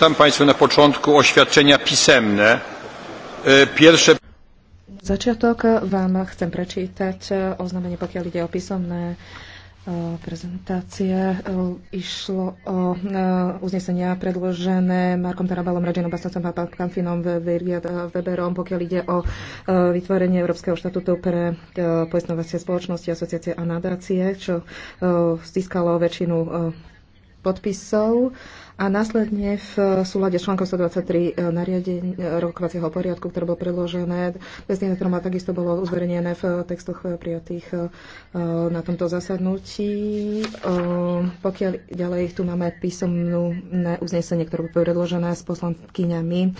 Witam Państwa na początku oświadczenia pisemne. E, pierwsze... Začiatok vám chcem prečítať e, oznámenie, pokiaľ ide o písomné e, prezentácie. Išlo o uznesenia predložené Markom Tarabalom, Radženom Bastatom a Kamfinom Virgiat Weberom, pokiaľ ide o vytvorenie Európskeho štatútu pre poistnovacie spoločnosti, asociácie a nadácie, čo získalo väčšinu podpisov a následne v súlade s článkom 123 eh, nariadení eh, rokovacieho poriadku, ktoré bolo predložené, bez ktoré takisto bolo uzverejnené v eh, textoch prijatých na tomto zasadnutí. Pokiaľ ďalej tu máme písomné uznesenie, ktoré bolo predložené s poslankyňami